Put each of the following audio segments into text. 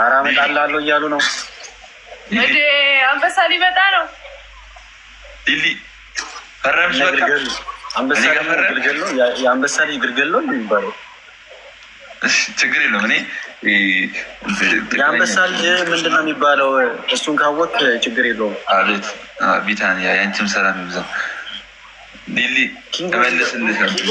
ኧረ እመጣልሃለሁ እያሉ ነው። እንደ አንበሳ ሊመጣ ነው። ዲሊ ፈረምሽ። በቃ አንበሳ ግልገል ነው። የአንበሳ ልጅ ግልገል ነው የሚባለው። ችግር የለውም። እኔ የአንበሳ ልጅ ምንድን ነው የሚባለው? እሱን ካወቅ ችግር የለውም። አቤት ቢታንያ፣ ያንቺም ሰላም ይብዛ። ሊሊ ነው ግን እመልስልሻለሁ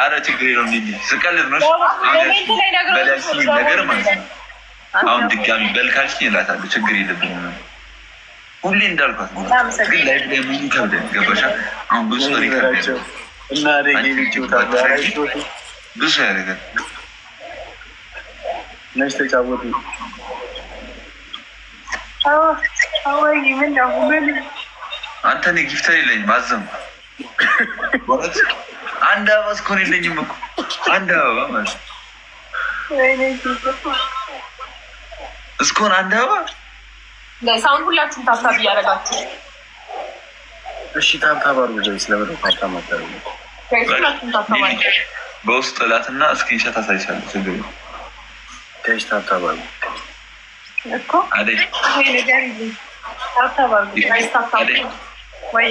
አረ ችግር የለውም ስቀልድ ነው ነገር ማለት ነው። አሁን ድጋሚ በልካልሽኝ እላታለሁ። ችግር የለብኝም ሁሌ እንዳልኳት አንተ እኔ ጊፍተር የለኝም አዘንኩ አንድ አበባ እስኮን የለኝም እኮ አንድ አበባ ማለት እስኮን አንድ አበባ ሳሁን ሁላችሁም ታብታብ እያደረጋችሁ እሺ፣ ታብታብ አድርጉ። ጀ ስለምረ ታብታብ ማታረ በውስጥ ጥላትና እስክሪንሻት አሳይሻለሁ። ችግር ከሽ ታብታብ አድርጉ እኮ አደ ታብታብ ታብታብ ወይ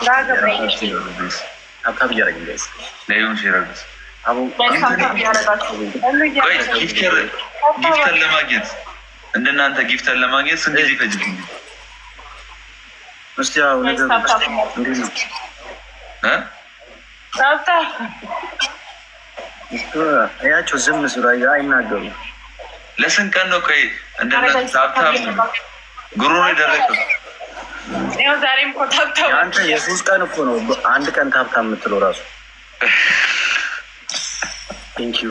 ጊፍተር ለማግኘት እንደናንተ ጊፍተር ለማግኘት ስንት ጊዜ ይፈጅብኝ? ያቸው ዝም ስራ አይናገሩ። ለስንት ቀን ነው? ቆይ እንደናንተ ጉሮሮ ያው ዛሬም እኮ ታብታብ አንተ የሶስት ቀን እኮ ነው አንድ ቀን ታብታብ የምትለው ራሱ ቴንኪዩ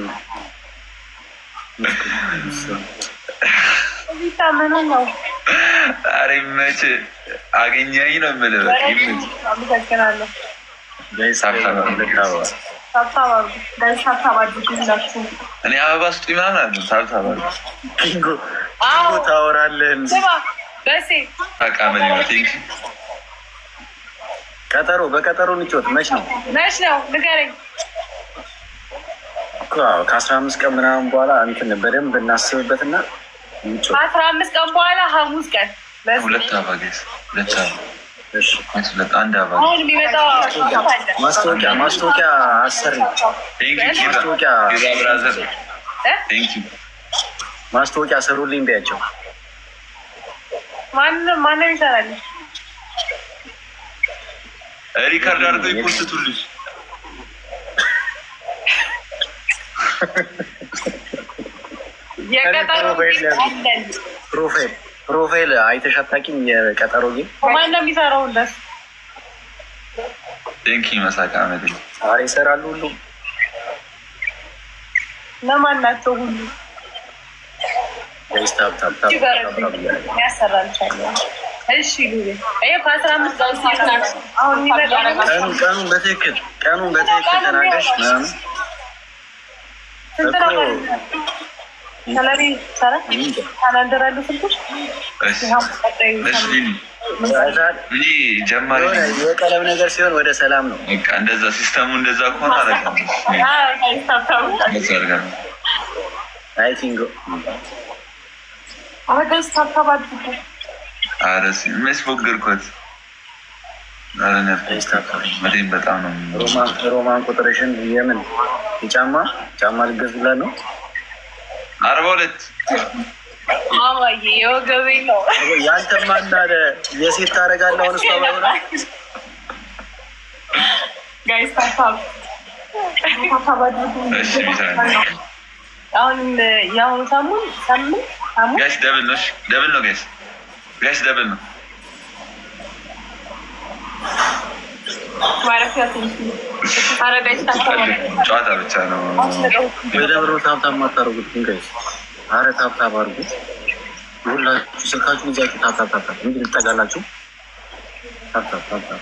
ታምኑ ኧረ መቼ አገኘኝ ነው የምልህ። እኔ አበባ ስጡኝ ምናምን አለ። ታብታብ አድርጉ ታወራለህ ቀጠሮ በቀጠሮ እንጫወት። መች ነው መች ነው ንገረኝ። ከአስራ አምስት ቀን ምናምን በኋላ እንትን በደንብ እናስብበትና አስራ አምስት ቀን በኋላ ሐሙስ ቀን ሁለት አባጌስ ሁለት ማስታወቂያ ማስታወቂያ አሰሪ ማስታወቂያ ማስታወቂያ ሰሩልኝ ቢያቸው ማንም ማንም ይሰራል። ሪካርድ አድርገው ይፖስቱልሽ። የቀጠሮ ፕሮፋይል ፕሮፋይል አይተሽ አታውቂም? የቀጠሮ ጌ ማነው የሚሰራው? እንደሱ ቴንኪ መሳቃ ኧረ ይሰራሉ ሁሉም ለማናቸው ሁሉ የቀለም ነገር ሲሆን ወደ ሰላም ነው። እንደዛ ሲስተሙ እንደዛ ከሆነ አረጋ መስፎገርኳት በጣም ነው ሮማን ቁጥርሽን የምን የጫማ ጫማ ልገዙላት ነው። አርባ ሁለት የወገቤ ነው ያንተማ እንዳለ የሴት ታደርጋለህ። አሁን እሷ ባይሆን ጋይስ ታታ አሁን ያው ሳሙን ሳሙን ጋይስ ደብል ነው። ደብል ነው ጋይስ ጋይስ ደብል ነው ጨዋታ ብቻ ነው። በደብሮ ታብታብ ማታደርጉትን ጋይስ፣ አረ ታብታብ አድርጉት ሁላችሁ ስልካችሁን ይዛችሁ ታብታብ ታብታብ እንግዲህ ልጠጋላችሁ። ታብታብ ታብታብ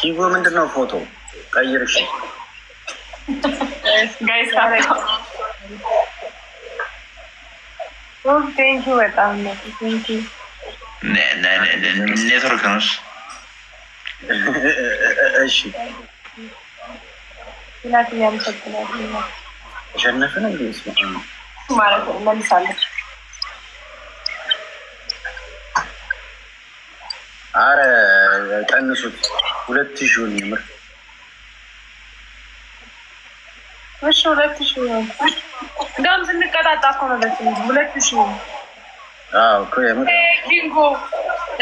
ኪጎ ምንድን ነው? ፎቶ ቀይር። እሺ ኔትወርክ ነው። እሺ ማለት ነው። መልሳለች አረ ቀንሱት ሁለት ሺውን የምር እሺ፣ ሁለት ሺህ ነው። እንደውም ስንቀጣጣ እኮ ነው ደስ ሁለት አዎ እኮ የምር ኪንጎ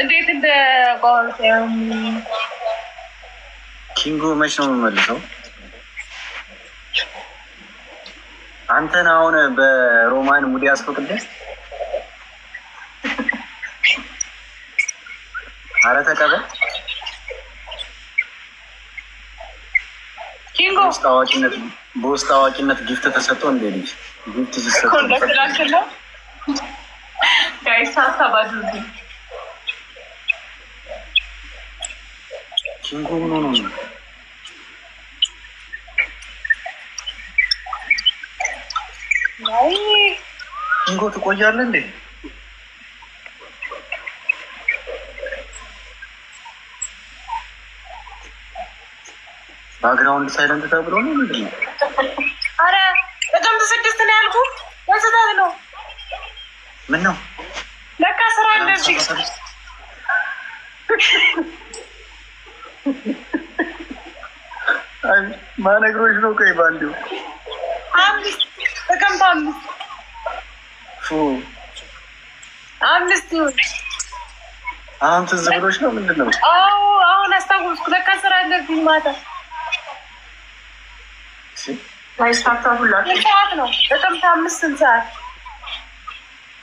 እንዴት እንደ ኪንጎ ነው የምመልሰው? አንተን አሁን በሮማን ሙዲ አስፈቅደህ አረ ተቀበል በውስጥ አዋቂነት ጊፍት ተሰጥቶ እንደ ልጅ ጊፍት ሲሰጥላችለው ኪንጎ ትቆያለህ እንዴ? ባግራውንድ ሳይለንት ተብሎ ነው ምንድን ነው? አረ ጥቅምት ስድስት ነው ያልኩ በስተት ነው። ምን ነው ለካ ስራ እንደዚህ ማነግሮች ነው። ቀይ ባንዱ አምስት ጥቅምት አምስት አምስት ይሁን አሁን ትዝ ብሎች ነው ምንድን ነው? አዎ አሁን አስታወስኩ። ለካ ስራ አለብኝ ማታ ማይስፋፋ ሁላ ሰዓት ነው። ጥቅምት አምስት ስንት ሰዓት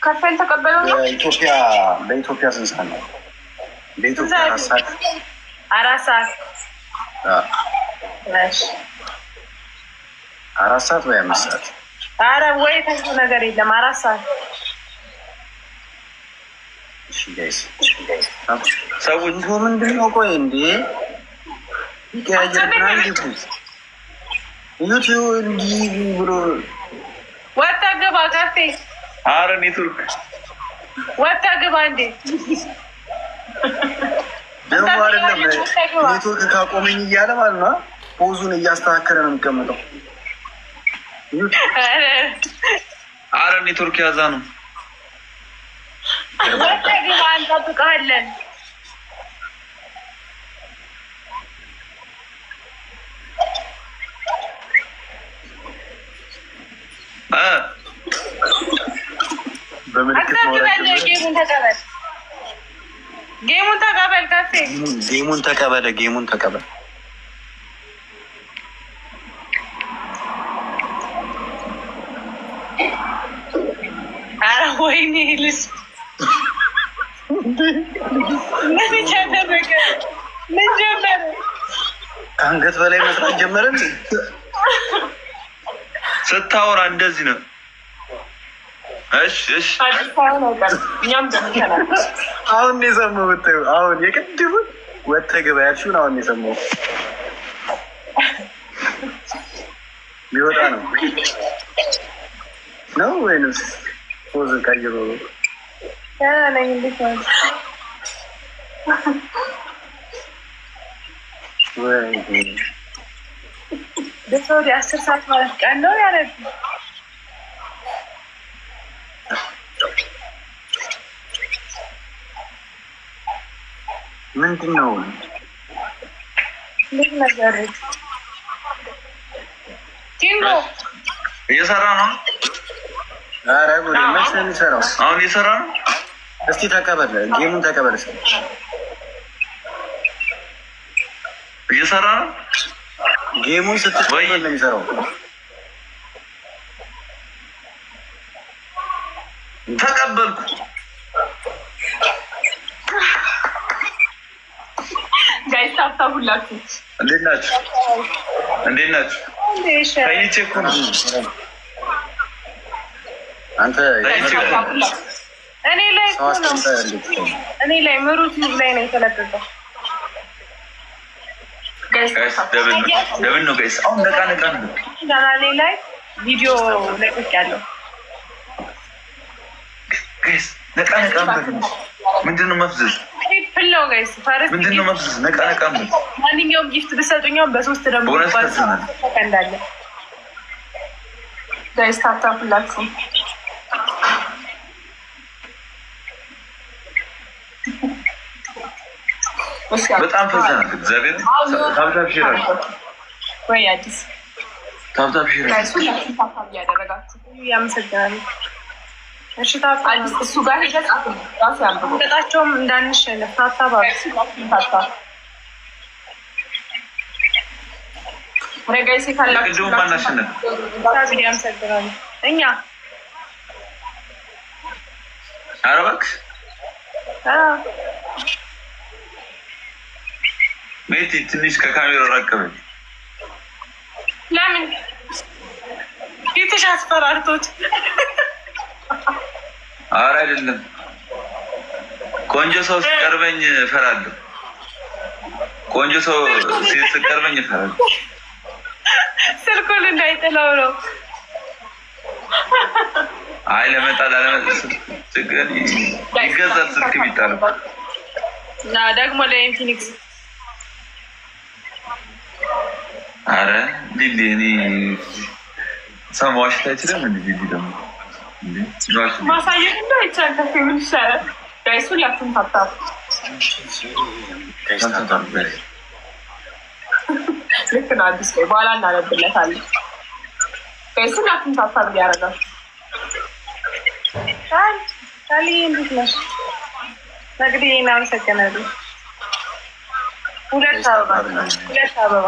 ከፌል ተቀበለው ነው። በኢትዮጵያ በኢትዮጵያ ስንት ሰዓት ነው? በኢትዮጵያ አራት ሰዓት ወይ አምስት ሰዓት አረ ወይ ተሱ ነገር የለም አራት ሰዓት ሰው ምንድነው? ቆይ እንዴ ይቀያየር ዩቲዩብ እንዲህ ብሎ ወጣ ገባ ካፌ አረ ኔትወርክ ወጣ ገባ እንዴ ደግሞ አይደለም ኔትወርክ ካቆመኝ እያለ ማለት ነው። ፖዙን እያስተካከለ ነው የሚቀመጠው። አረ ኔትወርክ ያዛ ነው። ወጣ ገባ እንጠብቅሃለን። ጌሙን ተቀበል፣ ጌሙን ተቀበል። ስታወራ እንደዚህ ነው። እሺ እሺ፣ አሁን ነው የሰማሁት። አሁን የቅድሙን ወጥተህ ግባ ያልሽውን አሁን ነው ሊወጣ ነው ነው ወይንስ ፖዝ ቀይሮ ወይ በሳውዲ አስር ሰዓት ማለት ቀን ነው ያረግ ምንድን ነው እየሰራ ነው? ኧረ ጉድ መች ነው የሚሰራው? አሁን እየሰራ ነው። እስቲ ተቀበል፣ ጌሙን ተቀበል። እየሰራ ነው ጌሙን ስትጨምር ነው የሚሰራው። ተቀበልኩ። ጋይ ታብታ እንዴት ናችሁ? እንዴት ናችሁ? አንተ እኔ ላይ እኔ ላይ ምሩት ላይ ነው የተለቀቀው ለምን ነው ጋይስ? አሁን ነቃ ነቃ ነው ቻናሌ ላይ ቪዲዮ ለቅቅ ያለው ጋይስ። ነቃ ነቃ ምንድን ነው መፍዘዝ? ትሪፕል ነው ጋይስ። ፋረስ ምንድን ነው መፍዘዝ? ነቃ ነቃ ማንኛውም ጊፍት ብሰጡኛው በሶስት ደግሞ ባሳ እንዳለ ጋይስ ታታፍላችሁ በጣም ፈዛ ናት። እግዚአብሔር ታብታብ ወይ አዲስ ታብታብ ሽራሽ ያደረጋችሁ እኛ አረ ቤቲ ትንሽ ከካሜራ ራቅ ለምን ቤትሽ አስፈራርቶት? ኧረ አይደለም፣ ቆንጆ ሰው ሲቀርበኝ እፈራለሁ። ቆንጆ ሰው ሲቀርበኝ እፈራለሁ። ስልኩን እንዳይጥለው ነው። አይ ለመጣል ይገዛል። ስልክ ቢጣል ደግሞ ለኢንፊኒክስ አረ ሊሊ እኔ ሰማዎች ላይ ችለም እንዲ ሊሊ ደግሞ ማሳየት እንዳይቻለፍ ምን ይሻላል? ጋይሱ ላቱን ታታ ልክ ነው። አዲስ ላይ በኋላ እናነብለታለን። ጋይሱ ላቱን ታታ ብያረጋል ታሊ እንዴት ነሽ? ነግዲ እናመሰግናለን። ሁለት አበባ ሁለት አበባ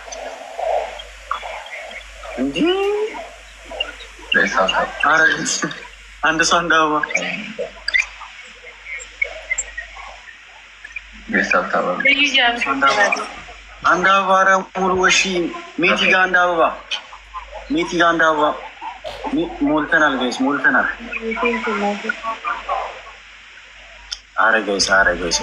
አንድ ሰው እንዳባ አንድ አበባ ኧረ ሙሉ እሺ፣ ሜቲ ጋ አንድ አበባ ሜቲ ጋ አንድ አበባ ሞልተናል፣ ጋይስ ሞልተናል። ኧረ ጋይስ ኧረ ጋይስ